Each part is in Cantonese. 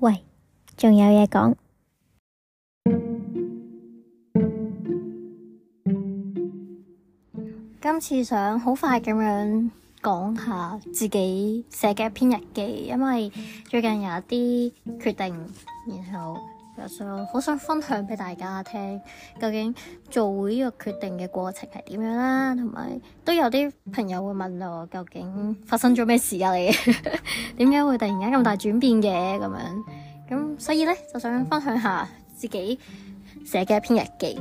喂，仲有嘢講。今次想好快咁樣講下自己寫嘅一篇日記，因為最近有一啲決定，然後。想好想分享俾大家聽，究竟做會呢個決定嘅過程係點樣啦、啊，同埋都有啲朋友會問我究竟發生咗咩事啊？你點解會突然間咁大轉變嘅？咁樣咁，所以咧就想分享下自己寫嘅一篇日記。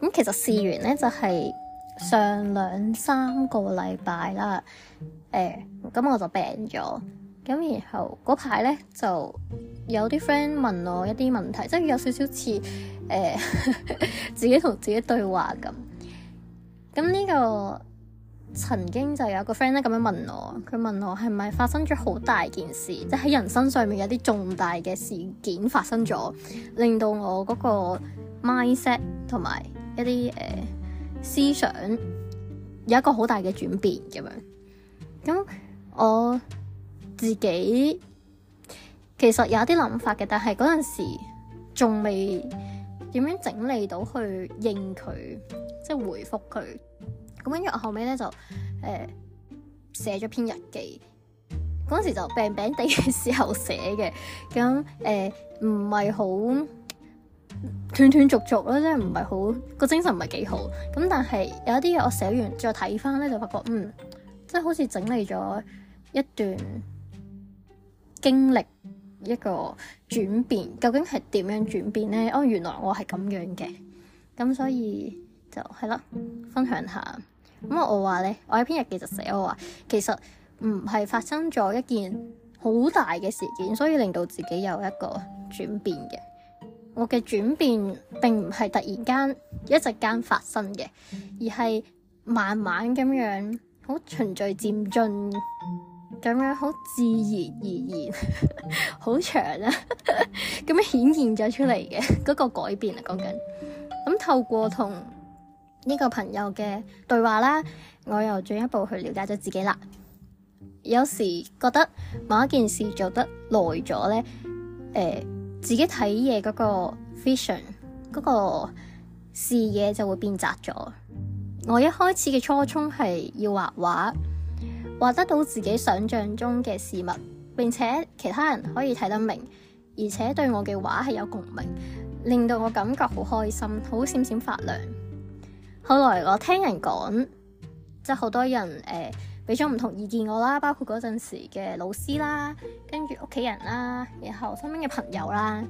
咁其實試完咧就係、是、上兩三個禮拜啦，誒、呃，咁我就病咗。咁然後嗰排咧就有啲 friend 問我一啲問題，即係有少少似誒自己同自己對話咁。咁呢、這個曾經就有個 friend 咧咁樣問我，佢問我係咪發生咗好大件事，即係人生上面有啲重大嘅事件發生咗，令到我嗰個 mindset 同埋一啲誒、呃、思想有一個好大嘅轉變咁樣。咁我。自己其實有啲諗法嘅，但係嗰陣時仲未點樣整理到去應佢，即係回覆佢。咁跟住我後尾咧就誒寫咗篇日記，嗰陣時就病病地嘅時候寫嘅，咁誒唔係好斷斷續續啦，即係唔係好個精神唔係幾好。咁但係有一啲嘢我寫完再睇翻咧，就發覺嗯，即係好似整理咗一段。經歷一個轉變，究竟係點樣轉變呢？哦，原來我係咁樣嘅，咁所以就係啦，分享下。咁我話呢，我喺篇日記就寫我話，其實唔係發生咗一件好大嘅事件，所以令到自己有一個轉變嘅。我嘅轉變並唔係突然間、一陣間發生嘅，而係慢慢咁樣，好循序漸進。咁樣好自然而然，好 長啊，咁 樣顯現咗出嚟嘅，嗰個改變啊，講緊咁透過同呢個朋友嘅對話啦，我又進一步去了解咗自己啦。有時覺得某一件事做得耐咗咧，誒、呃，自己睇嘢嗰個 vision，嗰個視野就會變窄咗。我一開始嘅初衷係要畫畫。畫得到自己想象中嘅事物，並且其他人可以睇得明，而且對我嘅畫係有共鳴，令到我感覺好開心，好閃閃發亮。後來我聽人講，即係好多人誒俾咗唔同意見我啦，包括嗰陣時嘅老師啦，跟住屋企人啦，然後身邊嘅朋友啦，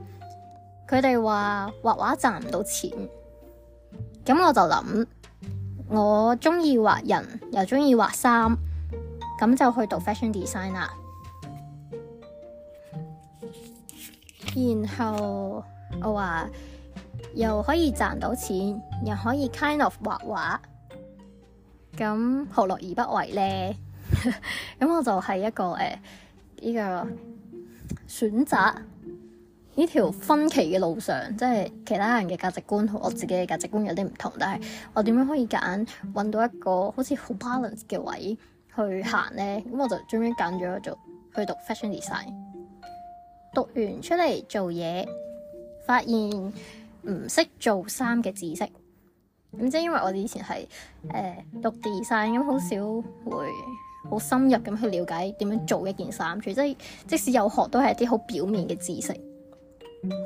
佢哋話畫畫賺唔到錢，咁我就諗，我中意畫人，又中意畫衫。咁就去讀 fashion design 啦。然後我話又可以賺到錢，又可以 kind of 畫畫，咁何樂而不為呢？咁 我就係一個誒呢、呃呢個選擇呢條分歧嘅路上，即係其他人嘅價值觀同我自己嘅價值觀有啲唔同，但係我點樣可以揀搵到一個好似好 balance 嘅位？去行呢，咁我就終於揀咗做去讀 fashion design。讀完出嚟做嘢，發現唔識做衫嘅知識。咁即係因為我哋以前係誒、呃、讀 design 咁，好少會好深入咁去了解點樣做一件衫，除非即使有學都係一啲好表面嘅知識。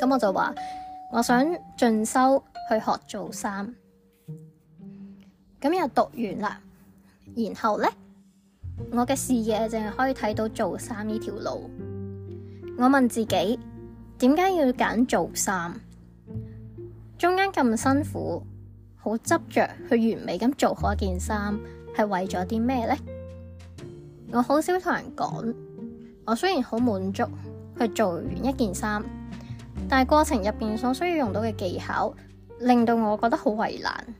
咁我就話我想進修去學做衫。咁又讀完啦，然後呢。我嘅視野淨係可以睇到做衫呢條路。我問自己，點解要揀做衫？中間咁辛苦，好執着去完美咁做好一件衫，係為咗啲咩呢？我好少同人講，我雖然好滿足去做完一件衫，但係過程入邊所需要用到嘅技巧，令到我覺得好為難。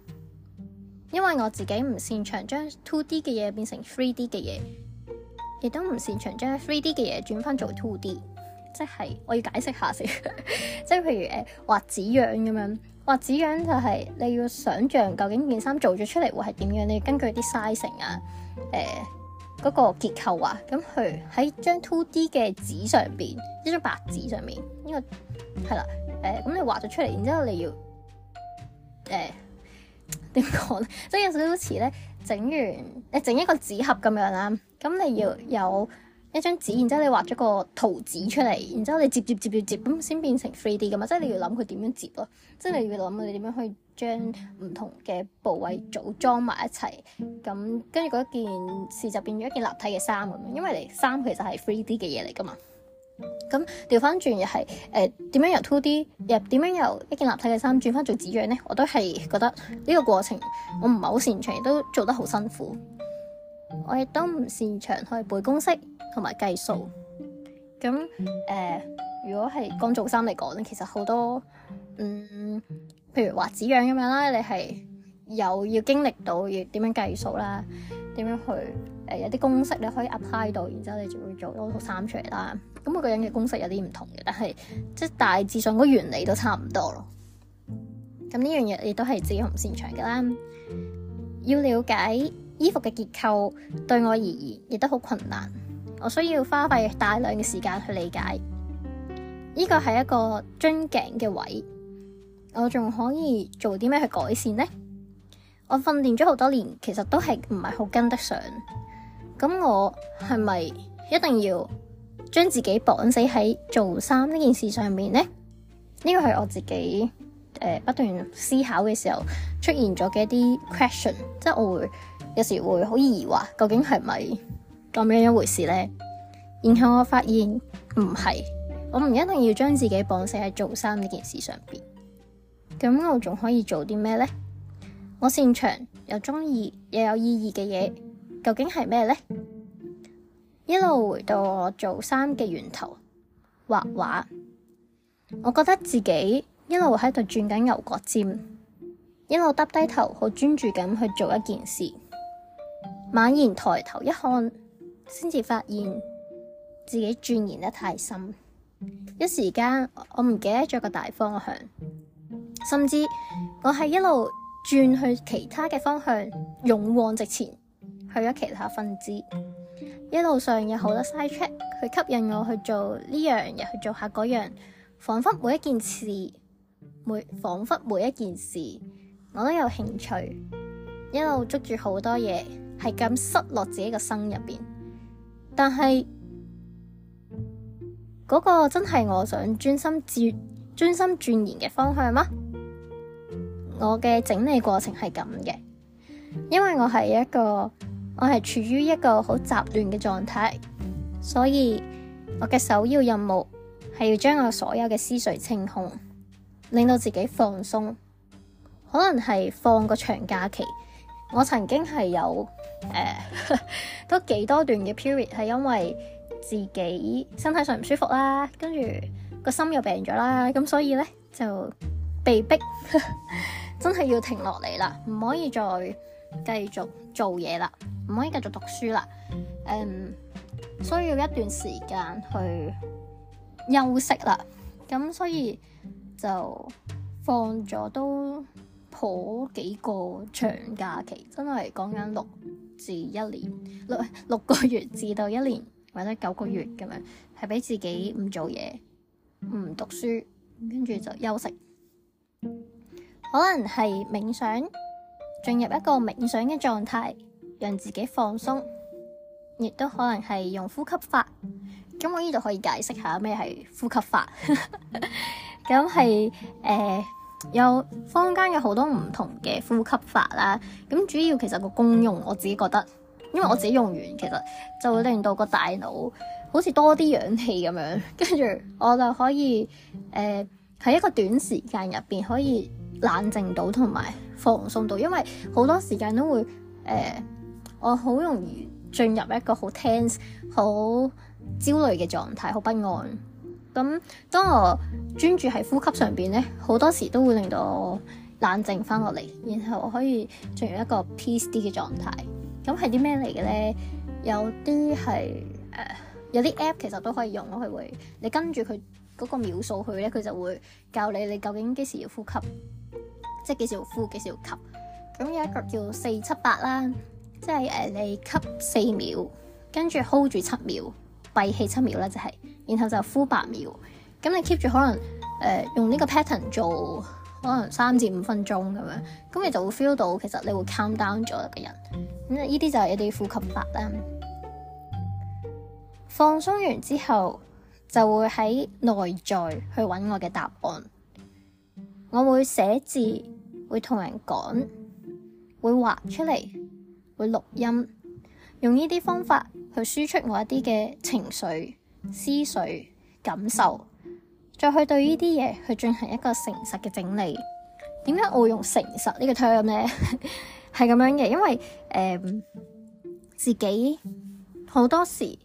因為我自己唔擅長將 two D 嘅嘢變成 three D 嘅嘢，亦都唔擅長將 three D 嘅嘢轉翻做 two D，即係我要解釋下先， 即係譬如誒畫紙樣咁樣，畫紙樣就係你要想象究竟件衫做咗出嚟會係點樣，你根據啲 size 成啊，誒、呃、嗰、嗰個結構啊，咁去喺張 two D 嘅紙上邊，一張白紙上面，呢、呢個係啦，誒咁、呃、你畫咗出嚟，然之後你要誒。呃點講咧，即係有少少好似咧，整完，你、啊、整一個紙盒咁樣啦，咁你要有一張紙，然之後你畫咗個圖紙出嚟，然之後你接接接接接，咁先變成 three D 噶嘛，即係你要諗佢點樣接咯，即係你要諗你點樣可以將唔同嘅部位組裝埋一齊，咁跟住嗰件事就變咗一件立體嘅衫咁樣，因為你衫其實係 three D 嘅嘢嚟噶嘛。咁調翻轉，又係誒點樣由 two D 入點樣由一件立體嘅衫轉翻做紙樣呢？我都係覺得呢個過程我唔係好擅長，亦都做得好辛苦。我亦都唔擅長去背公式同埋計數。咁誒、呃，如果係講做衫嚟講咧，其實好多嗯，譬如話紙樣咁樣啦，你係有要經歷到要點樣計數啦，點樣去誒、呃、有啲公式你可以 apply 到，然之後你就會做多套衫出嚟啦。咁每個人嘅公式有啲唔同嘅，但係即係大致上個原理都差唔多咯。咁呢樣嘢亦都係自己唔擅長嘅啦。要了解衣服嘅結構，對我而言亦都好困難。我需要花費大量嘅時間去理解。呢個係一個樽頸嘅位，我仲可以做啲咩去改善呢？我訓練咗好多年，其實都係唔係好跟得上。咁我係咪一定要？將自己綁死喺做衫呢件事上面，呢、呢個係我自己，呃、不斷思考嘅時候出現咗嘅一啲 question，即係我會有時會好疑惑，究竟係咪咁樣一回事呢？然後我發現唔係，我唔一定要將自己綁死喺做衫呢件事上邊。咁我仲可以做啲咩呢？我擅長又中意又有意義嘅嘢，究竟係咩呢？一路回到我做衫嘅源頭，畫畫。我覺得自己一路喺度轉緊牛角尖，一路耷低頭好專注咁去做一件事，猛然抬頭一看，先至發現自己鑽研得太深，一時間我唔記得咗個大方向，甚至我係一路轉去其他嘅方向，勇往直前。去咗其他分支，一路上有好多 side track 去吸引我去做呢樣嘢，去做下嗰樣，仿佛每一件事每，仿佛每一件事我都有興趣，一路捉住好多嘢，係咁塞落自己個心入邊。但係嗰、那個真係我想專心專專心鑽研嘅方向嗎？我嘅整理過程係咁嘅，因為我係一個。我係處於一個好雜亂嘅狀態，所以我嘅首要任務係要將我所有嘅思緒清空，令到自己放鬆。可能係放個長假期，我曾經係有、呃、都幾多段嘅 period 係因為自己身體上唔舒服啦，跟住個心又病咗啦，咁所以呢，就被逼，真係要停落嚟啦，唔可以再繼續做嘢啦。唔可以繼續讀書啦，誒、嗯，需要一段時間去休息啦。咁所以就放咗都好幾個長假期，真係講緊六至一年，六六個月至到一年，或者九個月咁樣，係俾自己唔做嘢、唔讀書，跟住就休息，可能係冥想，進入一個冥想嘅狀態，讓自己放鬆，亦都可能係用呼吸法。咁我呢度可以解釋下咩係呼吸法。咁係誒有坊間有好多唔同嘅呼吸法啦。咁主要其實個功用我自己覺得，因為我自己用完其實就會令到個大腦好似多啲氧氣咁樣，跟住我就可以誒喺、呃、一個短時間入邊可以冷靜到同埋放鬆到，因為好多時間都會誒。呃我好容易進入一個好 tense、好焦慮嘅狀態，好不安。咁當我專注喺呼吸上邊咧，好多時都會令到我冷靜翻落嚟，然後我可以進入一個 peace 啲嘅狀態。咁係啲咩嚟嘅咧？有啲係誒，有啲 app 其實都可以用咯。佢會，你跟住佢嗰個秒數去咧，佢就會教你你究竟幾時要呼吸，即係幾時要呼，幾時要吸。咁有一個叫四七八啦。即係誒、呃，你吸四秒，跟住 hold 住七秒，閉氣七秒啦，就係、是，然後就呼八秒，咁你 keep 住可能誒、呃、用呢個 pattern 做，可能三至五分鐘咁樣，咁你就會 feel 到其實你會 calm down 咗個人。咁呢啲就係一啲呼吸法啦。放鬆完之後，就會喺內在去搵我嘅答案。我會寫字，會同人講，會畫出嚟。會錄音，用呢啲方法去輸出我一啲嘅情緒、思緒、感受，再去對呢啲嘢，去進行一個誠實嘅整理。點解我會用誠實呢個 term 咧？係 咁樣嘅，因為誒、嗯、自己好多時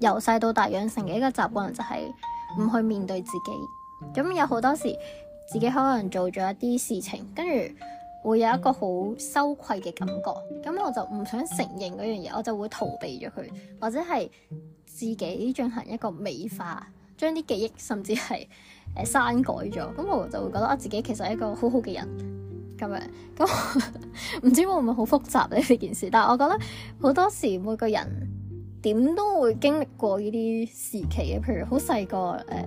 由細到大養成嘅一個習慣就係唔去面對自己。咁有好多時自己可能做咗一啲事情，跟住。會有一個好羞愧嘅感覺，咁我就唔想承認嗰樣嘢，我就會逃避咗佢，或者係自己進行一個美化，將啲記憶甚至係誒刪改咗，咁我就會覺得我、啊、自己其實係一個好好嘅人咁樣。咁唔知會唔會好複雜呢呢件事？但係我覺得好多時每個人點都會經歷過呢啲時期嘅，譬如好細個誒，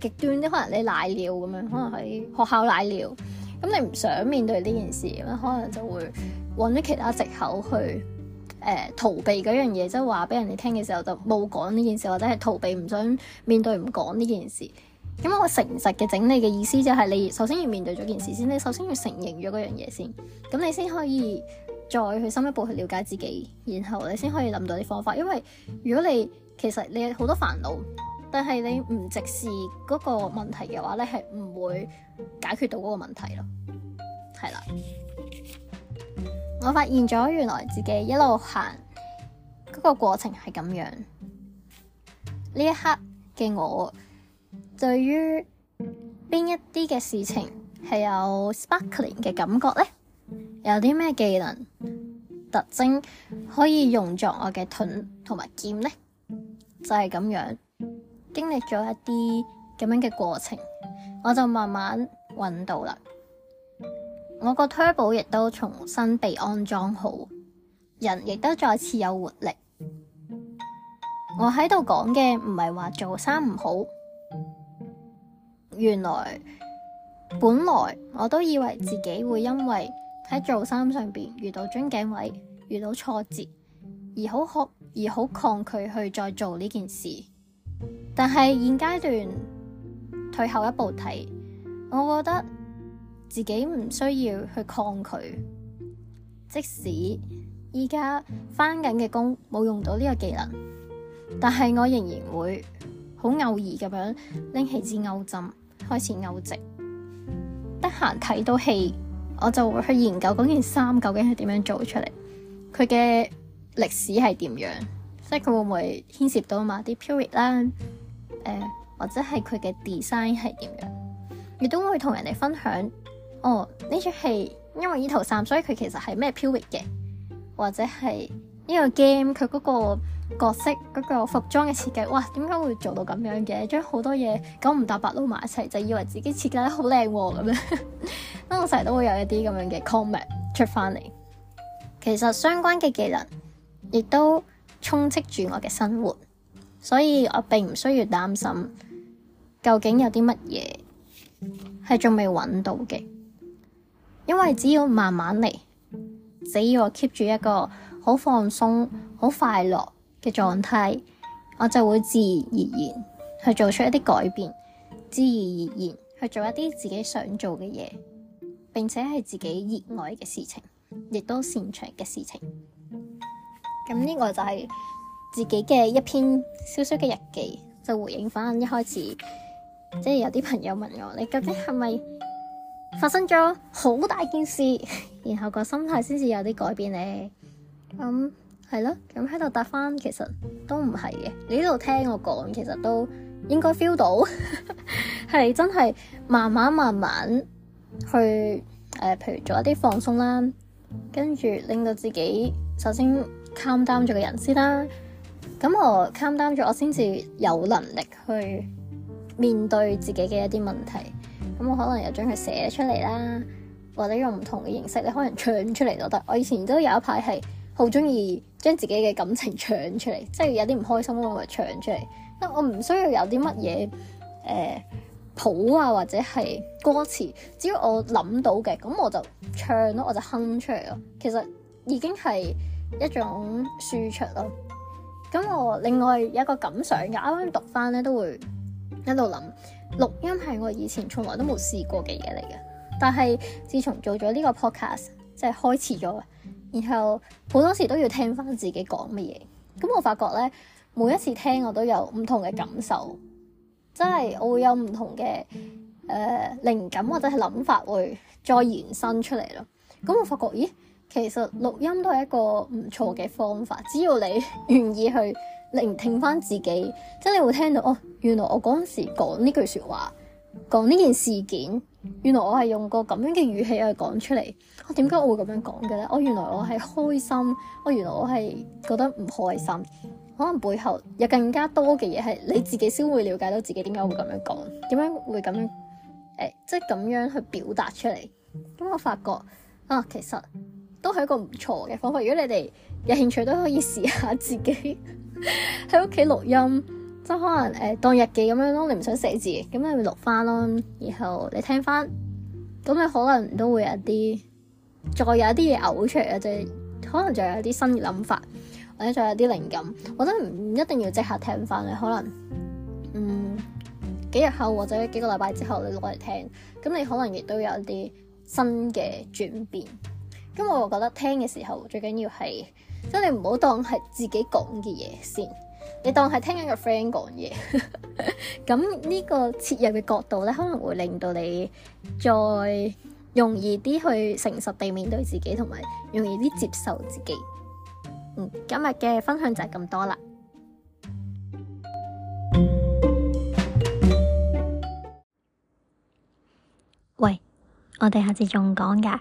極端啲可能你賴尿咁樣，可能喺學校賴尿。咁你唔想面對呢件事，咁可能就會揾啲其他藉口去誒、呃、逃避嗰樣嘢，即係話俾人哋聽嘅時候就冇講呢件事，或者係逃避唔想面對唔講呢件事。咁我誠實嘅整理嘅意思就係你首先要面對咗件事先，你首先要承認咗嗰樣嘢先，咁你先可以再去深一步去了解自己，然後你先可以諗到啲方法。因為如果你其實你有好多煩惱。但係你唔直視嗰個問題嘅話咧，你係唔會解決到嗰個問題咯。係啦，我發現咗原來自己一路行嗰，那個過程係咁樣。呢一刻嘅我，對於邊一啲嘅事情係有 sparkling 嘅感覺呢？有啲咩技能、特徵可以用作我嘅盾同埋劍呢？就係、是、咁樣。經歷咗一啲咁樣嘅過程，我就慢慢揾到啦。我個推 u 亦都重新被安裝好，人亦都再次有活力。我喺度講嘅唔係話做衫唔好，原來本來我都以為自己會因為喺做衫上邊遇到樽頸位、遇到挫折而好可而好抗拒去再做呢件事。但係現階段退後一步睇，我覺得自己唔需要去抗拒，即使依家翻緊嘅工冇用到呢個技能，但係我仍然會好偶爾咁樣拎起支勾針開始勾織。得閒睇到戲，我就會去研究嗰件衫究竟係點樣做出嚟，佢嘅歷史係點樣，即係佢會唔會牽涉到某啲 period 啦。誒、呃，或者係佢嘅 design 係點樣，亦都會同人哋分享。哦，呢出戲因為二頭三，所以佢其實係咩 pilot 嘅，或者係呢個 game 佢嗰個角色嗰、嗰個服裝嘅設計，哇，點解會做到咁樣嘅？將好多嘢九唔搭八撈埋一齊，就以為自己設計得好靚咁樣。咁我成日都會有一啲咁樣嘅 comment 出翻嚟。其實相關嘅技能亦都充斥住我嘅生活。所以我並唔需要擔心究竟有啲乜嘢係仲未揾到嘅，因為只要慢慢嚟，只要我 keep 住一個好放鬆、好快樂嘅狀態，我就會自然而然去做出一啲改變，自然而然去做一啲自己想做嘅嘢，並且係自己熱愛嘅事情，亦都擅長嘅事情。咁呢個就係、是。自己嘅一篇小小嘅日記，就回應翻一開始，即係有啲朋友問我，你究竟係咪發生咗好大件事，然後個心態先至有啲改變呢？咁係咯，咁喺度答翻，其實都唔係嘅。你呢度聽我講，其實都應該 feel 到係 真係慢慢慢慢去誒、呃，譬如做一啲放鬆啦，跟住令到自己首先 calm down 咗嘅人先啦。咁我 calm down 咗，我先至有能力去面對自己嘅一啲問題。咁我可能又將佢寫出嚟啦，或者用唔同嘅形式，你可能唱出嚟都得。我以前都有一排係好中意將自己嘅感情唱出嚟，即係有啲唔開心啊，我咪唱出嚟。我唔需要有啲乜嘢誒譜啊，或者係歌詞，只要我諗到嘅，咁我就唱咯，我就哼出嚟咯。其實已經係一種輸出咯。咁我另外有一個感想嘅，啱啱讀翻咧都會喺度諗，錄音係我以前從來都冇試過嘅嘢嚟嘅。但係自從做咗呢個 podcast，即係開始咗，然後好多時都要聽翻自己講乜嘢。咁我發覺咧，每一次聽我都有唔同嘅感受，即係我會有唔同嘅誒靈感或者係諗法會再延伸出嚟咯。咁我發覺，咦？其實錄音都係一個唔錯嘅方法，只要你願意去聆聽翻自己，即係你會聽到哦，原來我嗰陣時講呢句說話，講呢件事件，原來我係用個咁樣嘅語氣去講出嚟。我點解我會咁樣講嘅咧？我、哦、原來我係開心，我、哦、原來我係覺得唔開心，可能背後有更加多嘅嘢係你自己先會了解到自己點解會咁樣講，點樣會咁樣，誒，即係咁樣去表達出嚟。咁我發覺啊，其實。都係一個唔錯嘅方法。如果你哋有興趣，都可以試下自己喺屋企錄音，即係可能誒、呃、當日記咁樣咯。你唔想寫字，咁你咪錄翻咯。然後你聽翻，咁你可能都會有啲再有一啲嘢嘔出嚟嘅啫。即係可能仲有啲新嘅諗法，或者仲有啲靈感。我覺得唔一定要即刻聽翻，你可能，嗯，幾日後或者幾個禮拜之後你攞嚟聽，咁你可能亦都有一啲新嘅轉變。咁我又覺得聽嘅時候最緊要係，即係你唔好當係自己講嘅嘢先，你當係聽緊個 friend 講嘢。咁 呢個切入嘅角度咧，可能會令到你再容易啲去誠實地面對自己，同埋容易啲接受自己。嗯，今日嘅分享就係咁多啦。喂，我哋下次仲講㗎。